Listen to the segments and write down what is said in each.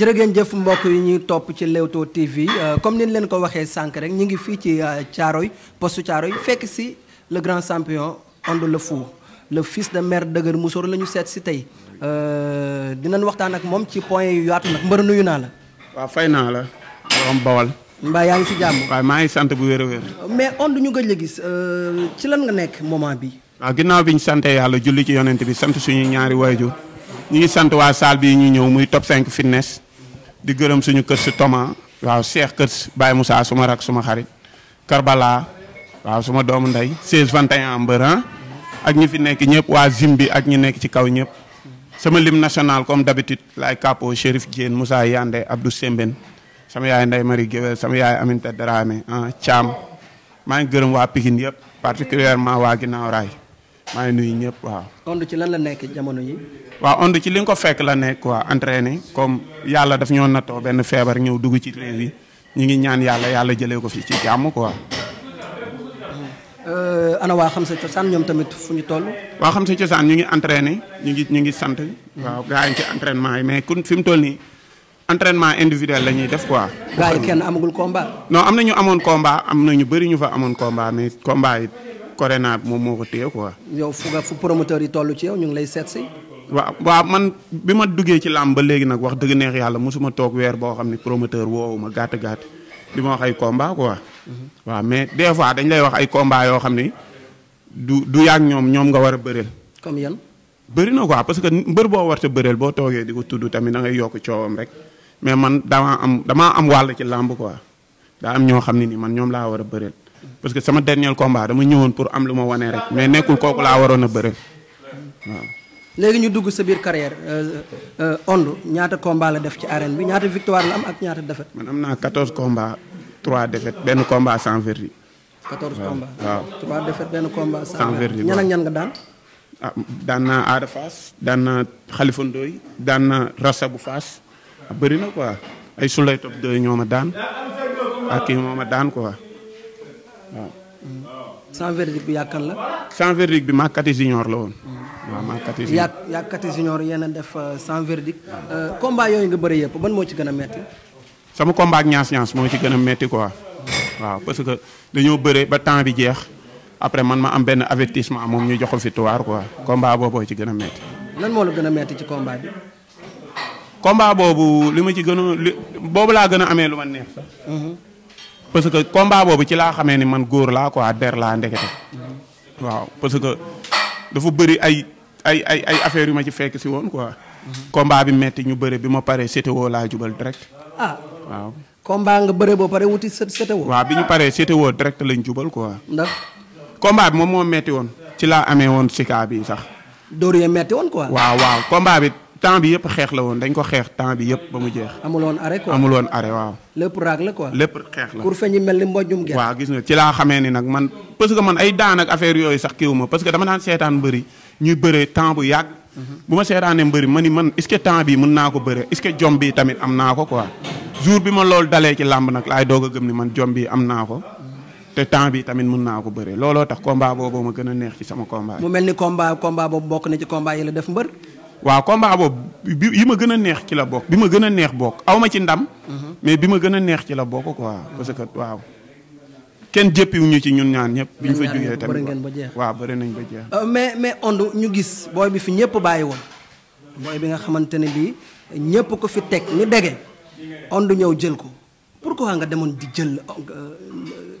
jërë jëf mbokk yi ñuy topp ci Leewtoo TV euh, comme ni leen ko waxee sànq rek ñu ngi fii ci euh, Thiaroye postu Thiaroye fekk si le grand champion Onde le Fou le fils de mère dëgër Moussor la ñu seet si tey euh, dinañ waxtaan ak moom ci point yu yaatu nag mbër nuyu naa la. waaw fay naa la. borom bawal. mbaa yaa ngi si jàmm. waaw maa ngi sant bu wér a wér. mais Onde ñu gëj la gis ci lan nga nekk moment bi waaw ginnaaw bi ñu santee yàlla julli ci yonent bi sant suñu ñaari ñu ngi sant waa salle bii ñu ñëw muy top 5 fitness di gërëm suñu kër si Thomas waaw Cheikh kër si Baye Moussa suma rak suma xarit Karbala waaw suma doomu ndey 16 21 mbër ak ñi fi nekk ñëpp waa Zimbi ak ñi nekk ci kaw ñëpp sama lim national comme d'habitude laay capo Chérif Diène Moussa Yande Abdou Sembène sama yaay Ndeye Marie Guewel sama yaay Aminata Dramé ah Thiam maa ngi gërëm waa Pikine yëpp particulièrement waa Ginnaaw Raay maa ngi nuyu ñëpp waaw. ond ci lan la nekk jamono yi. waaw ond ci li nga ko fekk la nekk quoi entraîné comme yàlla daf na nattoo benn feebar ñëw dugg ci réew yi ñu ngi ñaan yàlla yàlla jëlee ko fi ci jàmm quoi. Euh, ana waa xam sa cosaan ñoom tamit fu ñu toll. waa xam sa cosaan ñu ngi entraîné ñu ngi ñu ngi sant. waaw gaa yi ci entraînement yi mais kun fi mu toll nii entraînement individuel la ñuy def quoi. gaa yi kenn amagul combat. non am na ñu amoon combat am na ñu bëri fa amoon combat mais corona bi moom moo ko téye quoi. yow fu nga fu promoteur yi toll ci yow ñu ngi lay seet si. waaw waaw man bi ma duggee ci làmb ba léegi nag wax dëgg neex yàlla mosuma toog weer boo xam ni promoteur woowu ma gàtt gàtt di ma wax ay komba quoi. Mm-hmm. waa mais des fois dañ lay wax ay combat yoo xam ne du du yàgg ñoom ñoom nga war a bëreel. comme yan. bëri na quoi parce que mbër boo war warta bëreel boo toogee di ko tudd tamit da ngay yokk coowam rek mais man damaa am damaa am wàll ci làmb quoi daa ni man ñoom war a parce que sama dernier combat dama ñëwoon pour am lu ma wanee rek mais nekkul kooku laa waroon a bëre waaw. léegi ñu dugg sa biir carrière euh, euh, Onde ñaata combat la def ci arène bi ñaata victoire la am ak ñaata défaite. man am naa 14 combats 3 défaites benn combat sans verdict. 14 combats waaw 3 défaites benn combat sans verdict ñan ah bu Fass bëri na quoi ay Souley Top 2 ñoo ma daan ak kii moo ma daan quoi. waaw. sans verdict bi yàkkan la. sans verdict bi Makati junior la woon. Mm. waaw Makati junior yàq yàqati junior yéen a def euh, sans verdict. Euh, combat yooyu nga bëri yëpp ban moo ci gën a metti. sama combat ak ñaas ñaas moo ci gën a metti quoi. waaw parce que dañoo bëre ba temps bi jeex après man ma am benn avertissement moom ñu jox ko victoire quoi combat booboo ci gën a metti. lan moo gën a metti ci combat bi. boobu li ma ci gën a li boobu laa gën a amee lu ma neex parce que combat boobu ci laa xamee ni man góor laa quoi der laa ndekete waaw parce que dafa bëri ay ay ay ay affaires yu ma ci fekk si woon quoi. combat bi metti ñu bëre bi ma paree CTO laa jubal direct. ah waaw. nga bëre boo pare wuti CTO. waaw bi ñu paree CTO direct lañ jubal quoi. ndax. combat bi moom moo metti woon. ci laa amee woon sika bi sax. dóor yee metti woon quoi. waaw waaw combat bi. temps bi yëpp xeex la woon dañ ko xeex temps bi ba mu jeex. amul woon waaw. lépp raag la quoi. lépp xeex la pour feñi mel ni mbojum gerte. waaw gis nga ci laa xamee ni nag man parce man ay daan ak affaire yooyu sax kiiwu ma parce dama daan seetaan mbëri ñuy bëree temps bu yàgg. Mhm. bu ma seetaanee mbëri ma ni man est ce que temps bi mën naa ko bëre est ce bi tamit am naa ko quoi. jour bi ma loolu dalee ci làmb nag laay doog a gëm ni man jom bi am naa ko. te bi tamit mën naa ko bëree looloo tax combat boobu ma gën a neex ci sama combat. waaw combat boobu bi yi ma gën a neex ci la bokk bi ma gën a neex bokk aw ma ci ndam. Mhm. mais bi ma gën a neex ci la bokk quoi. parce que waaw kenn jëppiwuñu ci ñun ñaan ñëpp. bi ñu fa jógee tamit waaw bëri nañ ba jeex. Euh, mais mais Onde ñu gis booy bi fi ñëpp bàyyi woon booy bi nga xamante ne bii ñëpp ko fi teg ñu dege Onde ñëw jël ko pourquoi nga demoon di jël euh,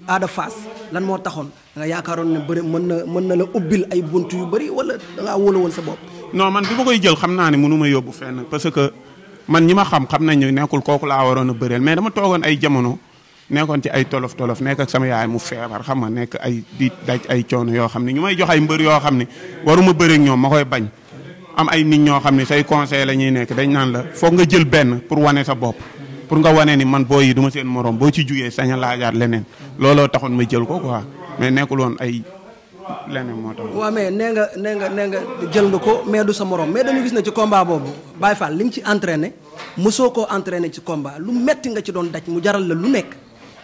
Ada Fass lan moo taxoon nga yaakaaroon ne bëri mën na mën na la ubbil ay bunt yu bëri wala da ngaa wóolu woon sa bopp. non man bi ma koy jël xam naa ne mënu ma yóbbu fenn parce que man ñi ma xam xam nañ nekkul kooku laa waroon a bëreel mais dama toogoon ay jamono nekkoon ci ay tolof tolof nekk ak sama yaay mu feebar xam nga nekk ay di daj ay coono yoo xam ne ñu may jox ay mbër yoo xam ne waruma bëre ak ñoom ma koy bañ am ay nit ñoo xam ne say conseil la ñuy nekk dañ naan la foog nga jël benn pour wane sa bopp pour nga wane ni man booy yi du ma seen morom boo ci jugee sañ leneen leneen moo waaw mais nee nga nee nga nee nga jël nga ko mais du sa morom mais dañu gis na ci combat boobu Baye Fall li nga ci entraîné mosoo koo entraîné ci combat lu metti nga ci doon daj mu jaral la lu nekk.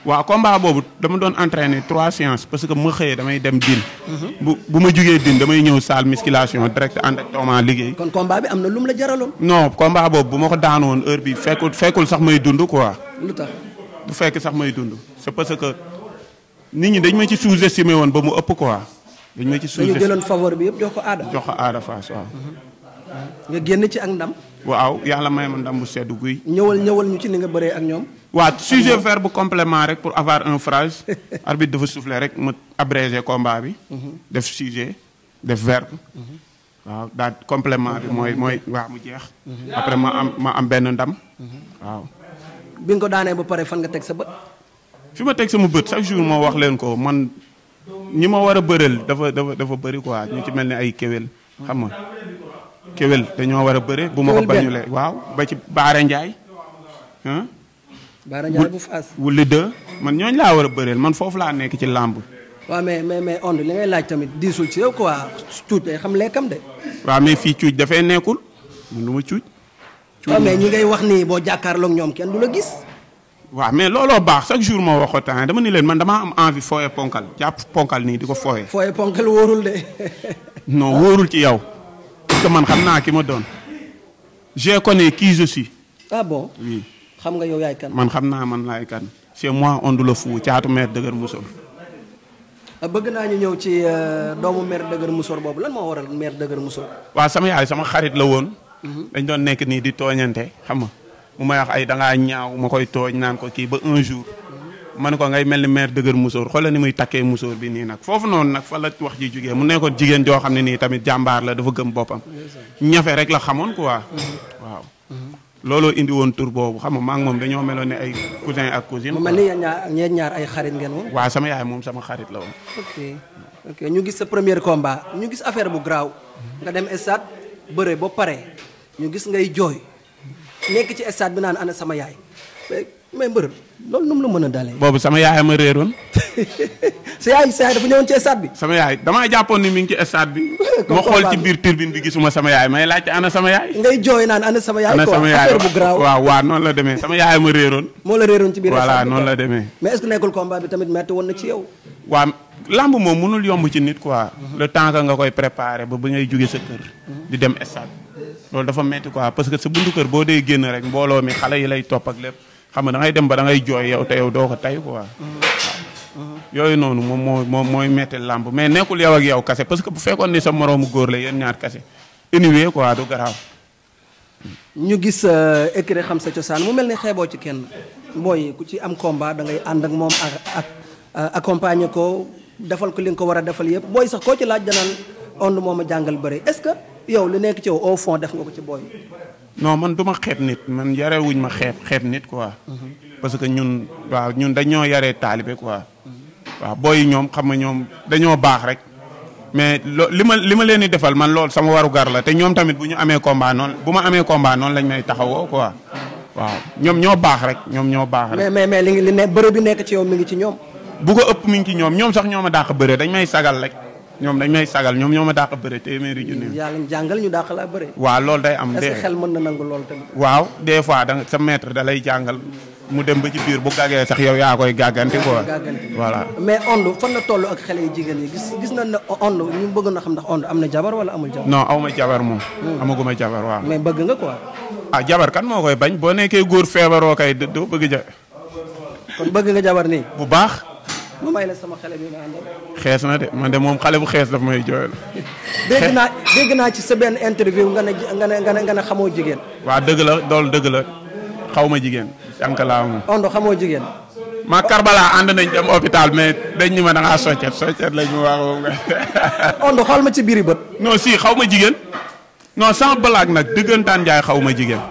waaw combat boobu dama doon entraîné trois séances parce que ma xëyee damay dem din mhm. bu bu ma jugee din damay ñëw saal musculation direct ànd ak Thomas liggéey. kon combat bi am na lum la jaraloon. non combat boobu bu ma ko daan woon heure bi fekkul fekkul sax may dund ko lu bu du fekk sax may dund c'est parce que nit ñi dañ ma ci sous-estimé woon ba mu ëpp quoi. dañ ma ci suuf dañu jëloon faveur bi yëpp jox ko aada jox ko aada faas waaw. Mm-hmm. nga génn ci ak ndam. waaw yàlla may ma ndam bu sedd guy. ñëwal ñëwal ñu ci ni nga bëree ak ñoom. waaw sujet faire bu rek pour avoir un phrase. arbitre dafa souffler rek mu abrégé combat bi. Mm-hmm. def sujet def mm-hmm. mooy mooy waaw mu jeex. après ma am benn ndam. waaw. bi nga ko daanee ba pare fan nga teg sa bët. fi ma teg sama bët chaque jour moo wax leen ko man ñi ma war a bëreel dafa dafa dafa bëri quoi ñu ci mel ni ay kéwél xam nga kéwél dañoo war a bëre bu ma ko bañulee waaw ba ci Baara Ndiaye ah Baara de man ñooñu laa war a bëreel man foofu laa nekk ci làmb waa mais mais mais ond li laaj tamit diisul ci yow quoi day xam lekkam de waaw mais fii cuuj dafay nekkul man lu ma cuuj waaw mais ñi ngay wax nii boo jàkkaarloog ñoom kenn du la gis waaw mais looloo baax chaque jour moo waxo temps dama ni leen man damaa am envie fooye ponkal jàpp ponkal nii di ko fooye fooye ponkal wóorul de. non wóorul ci yow. parce que man xam naa ki ma doon. je connais qui je suis. ah xam nga yow yaay kan. man xam naa man laay kan. chez moi on le fou caatu mère dëgër musóor. Ah, bëgg naa ñu ñëw ci euh, doomu meer dëgër musóor boobu lan moo waral mère dëgër musóor. waa sama yaay sama xarit la woon. Mhm. dañ doon nekk nii di tooñante xam nga. mu may wax ay dangaa ñaaw ma koy tooñ naan ko kii ba un jour ma ne ko ngay mel ni mère dëgër musóor xoolal ni muy takkee musóor bi nii nag foofu noonu nag fa la wax ji jugee mu nekkoon jigéen joo xam ne nii tamit jàmbaar la dafa gëm boppam ñafe rek la xamoon quoi waaw indi woon tur boobu xam nga maa ngi dañoo meloon ne ay cousin ak cousine mu mel ni yéen ñaar ñeen ñaar ay xarit ngeen woon waaw sama yaay moom sama xarit la woon ñu gis sa première combat ñu gis affaire bu garaaw nga dem stade bëre ba pare ñu gis ngay jooy nekk ci stade bi naan ana sama yaay mais mais loolu nu mu la mën a dalee. boobu sama yaay ma réeroon. sa yaay sa yaay dafa ñëwoon ci stade bi. sama ni mi ngi ci stade bi. ma xool ci biir turbine bi gisuma sama yaay may laajte ana sama yaay. ngay jooy naan ana sama yaay. ana waa waa affaire la demee sama yaay ma réeroon. moo la réeroon ci biir voilà noonu la demee. mais nekkul combat bi tamit metti woon na ci yow. waaw lamb moom mënul yomb ci nit quoi. le temps que nga koy préparer ba ba ngay jóge sa kër. di dem stade. loolu dafa metti quoi parce que sa buntu kër boo dee génn rek mbooloo mi xale yi lay topp ak lépp xam nga da dem ba dangay jooy yow te yow doo ko tey quoi. yooyu noonu moom moo moom mooy metti làmb mais nekkul yow ak yow kase parce que bu fekkoon ni sa moroomu góor la yéen ñaar kase anyway quoi du garaaw. ñu gis euh, écrit xam sa cosaan mu mel ni xeeboo ci kenn mooy ku ci am combat da ngay ànd ak moom ak ak euh, accompagner ko defal ko li nga ko war a defal yëpp ond moom ma jàngal bëre est-ce que yow lu nekk ci yow au fond def nga ko ci booy non man du ma xeeb nit man yarewuñ ma xeeb xeeb nit quoi. parce que ñun waaw ñun dañoo yaree taalibe quoi. waaw booy ñoom xam nga ñoom dañoo baax rek. mais loo li ma li ma leen di defal man lool sama waru gar la te ñoom tamit bu ñu amee combat bu ma amee combat noonu lañ may taxawoo quoi. waaw ñoom ñoo baax rek ñoom ñoo baax rek. mais mais mais li ne bëre bi nekk ci yow mi ngi ci ñoom. bu ko ëpp ci ñoom ñoom sax ñoo ma dàq bëre dañ may sagal rek. ñoom dañ may sagal ñoom ñoo ma dàq bëre téeméeri junni. yàlla ñu jàngal ñu dàq laa bëre. waa loolu day am. est-ce que xel mën na nangu loolu tamit. waaw des fois da sa maître da lay jàngal mu dem ba ci biir bu gàggee sax yow yaa koy gàgganti quoi. voilà mais Onde fan la toll ak xale yu jigéen yi gis gis nañ ne Onde ñu bëgg na xam ndax Onde am na jabar wala amul jabar. non aw ma jabar moom. Hmm. amaguma jabar waaw. mais bëgg nga ko ah jabar kan moo koy bañ boo nekkee góor feebaroo kay doo bëgg ja. kon jabar nii. bu baax. ma may sama xale bi nga xees na de man de moom xale bu xees daf may jooyal. dégg naa dégg naa ci sa benn interview nga ne nga ne nga xamoo jigéen. waa dëgg la loolu dëgg la xaw ma jigéen. jànk laa moom. Ondo xamoo jigéen. ma ànd nañ dem hôpital mais dañ ma da ngaa soccet soccet lañ ma ci biir bët. non si xaw ma jigéen. non sans blague nag dëggantaan jaay xaw ma jigéen.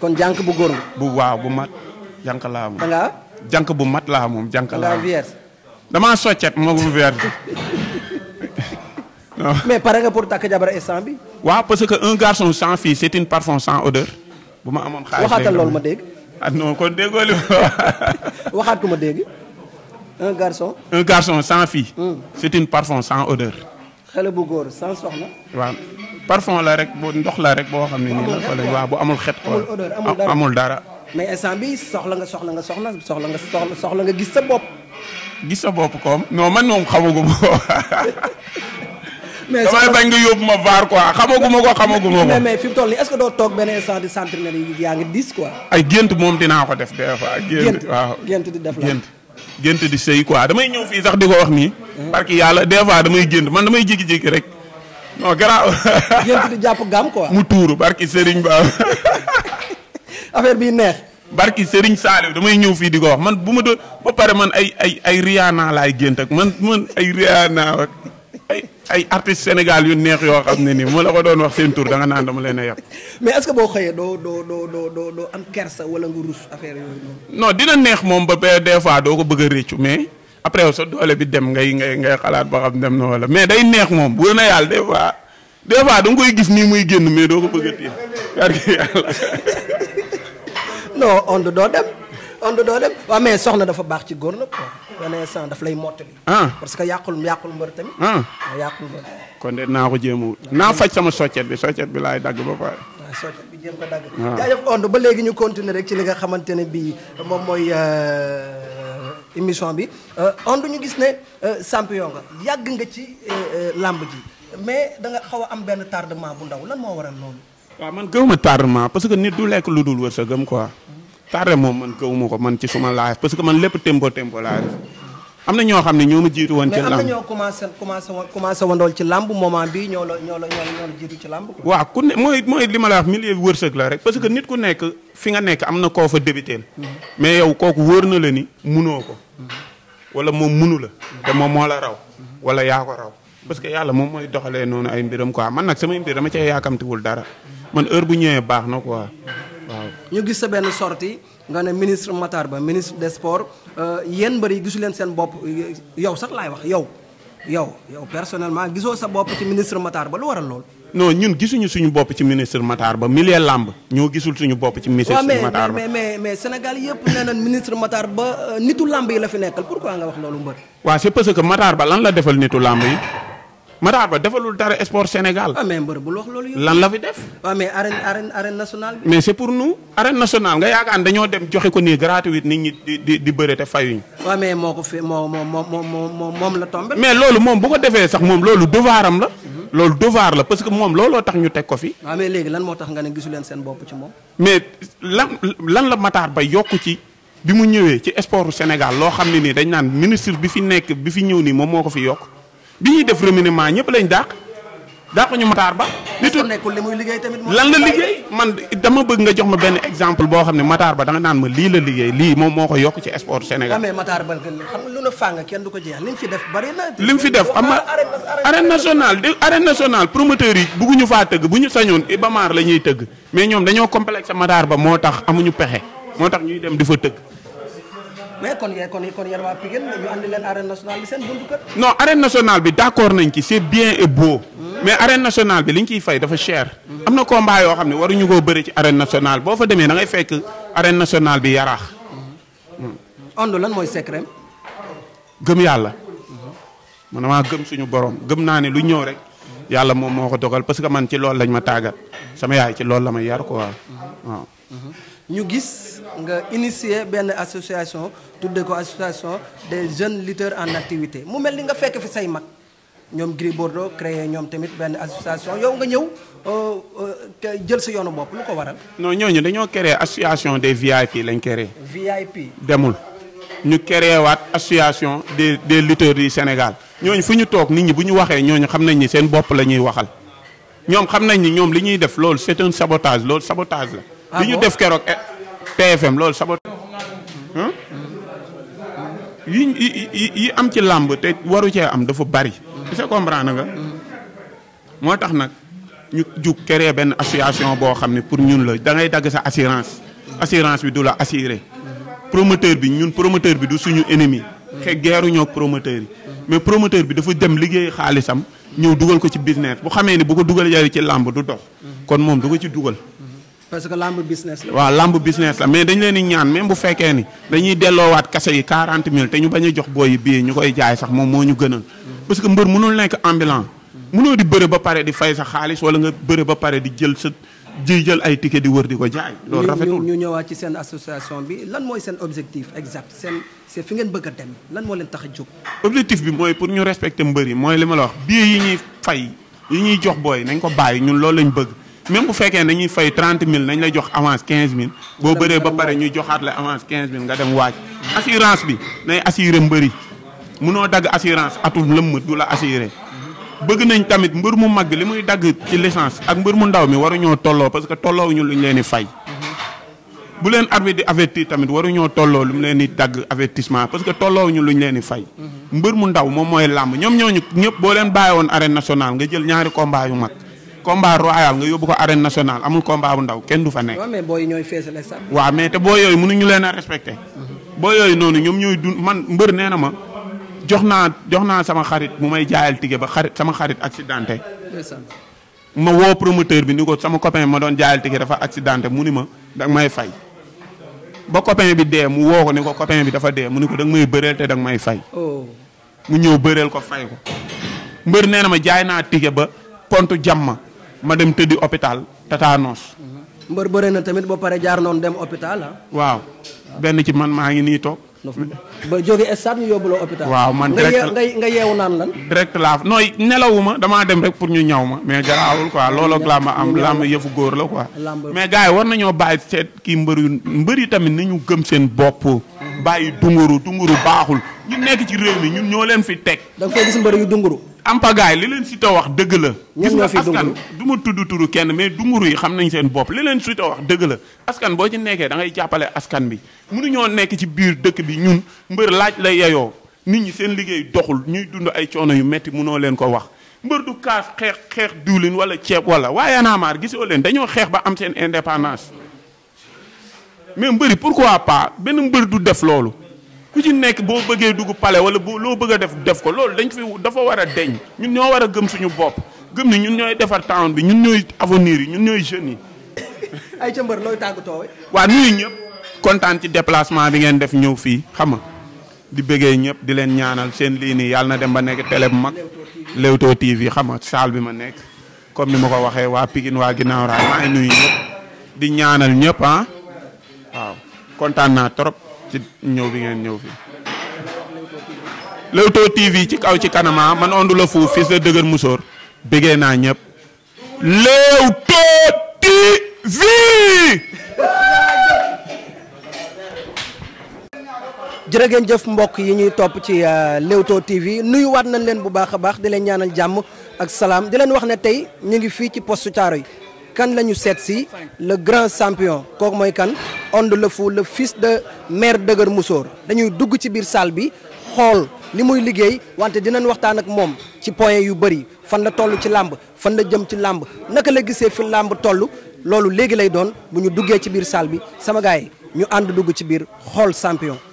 kon jànk bu góor bu waaw bu mat jànk laa moom. janq bu mat laa moom jànk damaa soccet moo ko verre mais pare nga pour takk jabar instant bi. waaw parce que un garçon sans fille c'est une parfum sans odeur. bu ma amoon xaalis waxaatal loolu ma dégg. ah non ko déggoo li waxaat ko ma dégg un garçon. un garçon sans fille. Hmm. c'est une parfum sans odeur. xale bu góor sans soxna. waaw parfum la rek bu ndox la rek boo xam ne nii la. waaw bu amul xet quoi amul ah, dara amul dara. mais instant bi soxla nga soxla nga soxna soxla nga soxla nga gis sa bopp. gis sa bopp koom. non man moom xamaguma ko. mais damay bañ nga yóbbu ma vaar quoi xamaguma ko xamaguma ko. mais mais fi mu toll nii est ce que doo toog benn instant di sentir ne yaa ngi diis quoi. ay gént moom dinaa ko def des fois. gént di def la gént. di sëy quoi damay ñëw fii sax di ko wax nii. parce yàlla des fois damay gént man damay jékki-jékki rek. non garaaw. gént di jàpp gam quoi. mu tuuru barki Serigne Ba. affaire bi neex. barki Serigne Saliou damay ñëw fii di ko wax man bu ma doon ba pare man ay ay ay Rihanna laay gént ak man man ay Rihanna ak ay ay artistes Sénégal yu neex yoo xam ne nii bu la ko doon wax seen tur da nga naan dama leen a yab. mais que boo xëyee doo doo doo wala nga rus affaire yooyu non dina neex moom ba des fois doo ko bëgg a réccu mais. après yow sa doole bi dem ngay ngay ngay xalaat ba xam dem na wala mais day neex moom bu na yàlla des fois des fois koy gis nii muy génn mais doo ko bëgg a téye yàlla. non onde doo dem onde doo dem waaw mais soxna dafa baax ci góor nag quoi benn instant daf lay mottali. Ah. parce que yàqul yàqul mbër tamit. ah yàqul mbër. kon de naa ko jéem naa faj sama soccet bi soccet bi laay dagg ba pare. waaw soccet bi jéem ko dagg. waaw ah. jaajëf onde ba léegi ñu continuer rek ci li nga xamante ne bii moom mooy. Euh, émission bi euh, Onde ñu gis ne euh, champion nga yàgg nga ci làmb ji mais danga nga xaw am benn tardement bu ndaw lan moo waral noonu waaw man gëwuma tardement parce que nit du lekk lu dul wërsëgam quoi tardé moom man gëwuma ko man ci suma live parce que man lépp tempo tempo laa def am na ñoo xam ne ñoo ma jiitu woon. ci làmb mais am na ñoo commencé commencé commencé wandool ci làmb moment bi ñoo la ñoo la ñoo la ci làmb. waaw ku ne mooy mooy li ma la wax milieu wërsëg la rek parce que nit ku nekk fi nga nekk am na koo fa débuté mm-hmm. mais yow kooku wóor na la ni munoo ko. Mm-hmm. wala moom munu la. Mm-hmm. te moom moo la raw. wala yaa ko raw. parce que yàlla moom mooy doxalee noonu ay mbiram quoi man nag samay mbir dama cee yaakamtiwul dara. man heure bu ñëwee baax na ko quoi waaw. ñu gis sa benn sorti nga ne ministre Matar Ba ministre des sports euh, yéen mbër yi gisu leen seen bopp yow sax laay wax yow yow yow personnellement gisoo sa bopp ci ministre Matar Ba lu lool. non ñun gisuñu suñu bopp ci ministre Matar Ba milieu làmb ñoo gisul suñu bopp ci ministre Matar Ba mais mais mais Sénégal yëpp nee nañ ministre Matar Ba euh, nitu làmb yi la fi nekkal pourquoi nga wax loolu mbër. waaw c'est parce que Matar Ba lan la defal nitu làmb yi. Matar Ba defalul dara sport Sénégal. ah mais bu wax loolu lan la fi def. waaw ah, mais arène arène arène mais c'est pour nous. arène nationale nga yaakaar dañoo dem joxe ko nii gratuite nit ñi di di di bëre te fayuñ. waaw ah, mais moo ko fi moo moo moo moom la tombé. mais loolu moom bu ko defee sax moom loolu devoiram la. loolu devoir la parce que moom looloo tax ñu teg ko fi. waaw ah, mais lan moo tax nga ne gisu leen seen bopp moom. mais lan lan la Matar Ba yokku ci. bi mu ñëwee ci sport Sénégal loo xam ne nii dañ naan ministre bi fi nekk bi fi ñëw nii moom moo ko fi yokk. bi ñuy def remaniement ñëpp lañ dàq dàq ñu Matar Ba. li nekkul li muy liggéey tamit. lan la liggéey man dama bëgg nga jox ma benn exemple boo xam ne Matar Ba da naan ma lii la liggéey lii moom moo ko yokk ci sport Sénégal. amee ah, Matar Ba kenn du ko jeex li fi def bari na. li mu fi def am na arène nationale de arène nationale promoteur yi bugguñu faa tëgg bu ñu sañoon Ibamar la ñuy tëgg mais ñoom dañoo complexe Matar Ba moo tax amuñu pexe moo tax ñuy dem di fa tëgg. mais kon yéen kon kon yéen waa Pikine bi seen d' accord nañ ci c' est bien et beau. Hmm. mais arène nationale bi liñ ciy fay dafa cher. Hmm. am na combat yoo xam ne waruñu koo bari ci arène national boo fa demee da ngay fekk arène nationale bi yaraax. Hmm. Onde lan mooy secret. gëm yàlla. man maa gëm suñu borom gëm naa ne lu ñëw rek. yàlla moom moo ko dogal parce que man ci loolu lañ ma tàggat. sama yaay ci loolu la ma yar quoi waaw. ñu gis nga initier benn association. tudde ko association des jeunes lutteurs en activité mu mel ni nga fekk fi say mag ñoom Gris Bordeaux créé ñoom tamit benn association yow nga ñëw euh, euh, jël si yoonu bopp lu ko waral. non ñooñu dañoo créé association des VIP lañ créé. VIP demul. ñu créé waat association des des lutteurs du Sénégal ñooñu fu ñu toog nit ñi bu ñu waxee ñooñu xam nañ ni seen bopp la ñuy waxal ñoom xam nañ ni ñoom li ñuy def loolu c'est un sabotage loolu sabotage la. Ah li ñu def keroog TFM eh, loolu sabotage. yi yi am ci làmb te waru cee am dafa bari. c'est comprendre nga. moo tax nag ñu jug créer benn association boo xam ne pour ñun la da dagg sa assurance. assurance bi du la assuré. promoteur bi ñun promoteur bi du suñu ennemi. xe geeru ñoo promoteur yi. mais promoteur bi dafa dem liggéey xaalisam. ñëw dugal ko ci business bu xamee ne bu ko dugal yari ci làmb du dox. kon moom du ko ci dugal. parce que làmb business la. waaw lamb business la mais dañ leen di ñaan même bu fekkee ni dañuy delloowaat kase yi 40 000 te ñu bañ jox booy yi bii ñu koy jaay sax moom moo ñu gënal. parce que mbër mënul nekk ambulant. mënoo di bëre ba pare di fay sa xaalis wala nga bëre ba pare di jël sa ji jël ay ticket di wër di ko jaay. loolu rafetul ñu ñëwaat ci seen association bi lan mooy seen objectif exact seen c'est fi ngeen bëgg a dem lan moo leen tax a jóg. objectif bi mooy pour ñu respecter mbër yi mooy li ma la wax bii fay yi ñuy jox booy nañ ko bàyyi ñun loolu lañ bëgg même bu fekkee dañuy fay 30 000 nañ lay jox avance 15 000 boo bëree ba pare ñuy joxaat la avance 15 000 nga dem waaj. assurance bi nay assuré mbëri munoo dagg assurance atum lëmm du la assuré. bëgg nañ tamit mbër mu mag li muy dagg ci licence ak mbër mu ndaw mi waruñoo tolloo parce que tolloowuñu luñ leen di fay. bu leen arbitre di avertir tamit waruñoo tolloo lu mu leen di dagg avertissement parce que tolloowuñu luñ leen di fay. mbër mu ndaw moom mooy làmb ñoom ñooñu ñëpp boo leen bàyyi woon arène nationale nga jël ñaari combat yu mag. combat royal nga yóbbu ko arène nationale amul combat bu ndaw kenn du fa nekk. waaw mais booy ñooy feesale sax. waaw mais te booy yooyu mënuñu leen a respecté. booy yooyu noonu ñoom ñooy dund man mbër nee na ma jox naa jox naa sama xarit mu may jaayal tige ba xarit sama xarit accidenté. ma woo promoteur bi ni ko sama copain ma doon jaayal tige dafa accidenté mu ni ma danga may fay. ba copain bi dee mu woo ko ni ko copain bi dafa dee mu ni ko danga may bëreel te danga may fay. Oh. mu ñëw bëreel ko fay ko. mbër nee ma jaay naa tige ba pontu jàmm. ma dem tëddi hôpital tétanos. mbër bëre na tamit ba pare jaar noonu dem hôpital ah. waaw benn ci man maa ngi nii toog. ba jóge stade ñu yóbbu la hôpital. waaw man direct nga nga yeewu naan lan. nooy nelawuma damaa dem rek pour ñu ñaw ma mais garaawul quoi ah, looloo làmb am làmb yëfu góor la quoi. mais gars yi war nañoo bàyyi seet kii mbër yu mbër yi tamit ni ñu gëm seen bopp. bàyyi dunguru dunguru baaxul ñu nekk ci réew mi ñun ñoo leen fi teg. da nga fay gis mbër yu dunguru. ampagaay li leen Siteu wax dëgg la. gis nga askan du ma tudd turu kenn mais dunguru yi xam nañ seen bopp li leen Siteu wax dëgg la askan boo ci nekkee da ngay jàppale askan bi mënuñoo nekk ci biir dëkk bi ñun mbër laaj la yeyoo nit ñi seen liggéey doxul ñuy dund ay coono yu metti mënoo leen ko wax mbër du kaas xeex xeex diwlin wala ceeb wala waaye naamaar gisoo leen dañoo xeex ba am seen indépendance mais mbëri pourquoi pas benn mbër du def loolu ku ci nekk boo bëggee dugg pale wala boo loo bëgg a def def ko loolu dañ fi dafa war a deñ ñun ñoo war a gëm suñu bopp gëm ni ñun ñooy defar town bi ñun ñooy avenir yi ñun ñooy jeunes yi. ay ca mbër looy waa nuyu ñëpp kontaan ci déplacement bi ngeen def ñëw fii xam nga di bëggee ñëpp di leen ñaanal seen lii nii yàlla na dem ba nekk télé bu mag. Leewtoo TV xam nga salle bi ma nekk comme ni ma ko waxee waa Pikine waa ginnaaw raay di ñaanal ñëpp ah. kontaan naa trop. ci ñëw bi ngeen ñëw fi Leewtoo TV ci kaw ci kanama man Onde le Fou fils de dëgër musóor bëggee naa ñëpp Leewtoo TV jërëgeen jëf mbokk yi ñuy topp ci euh, Leewtoo TV nuyuwaat nañ leen bu baax a baax di leen ñaanal jàmm ak salaam di leen wax ne tey ñu ngi fii ci caaro yi kan la ñu seet si le grand champion kooku mooy kan Onde la Fou le fils de maire dëgër Moussor dañuy dugg ci biir salle bi xool li muy liggéey wante dinañ waxtaan ak moom ci point yu bëri fan la toll ci làmb fan la jëm ci làmb naka la gisee fi làmb toll loolu léegi lay doon bu ñu duggee ci biir saal bi sama gars yi ñu ànd dugg ci biir xool champion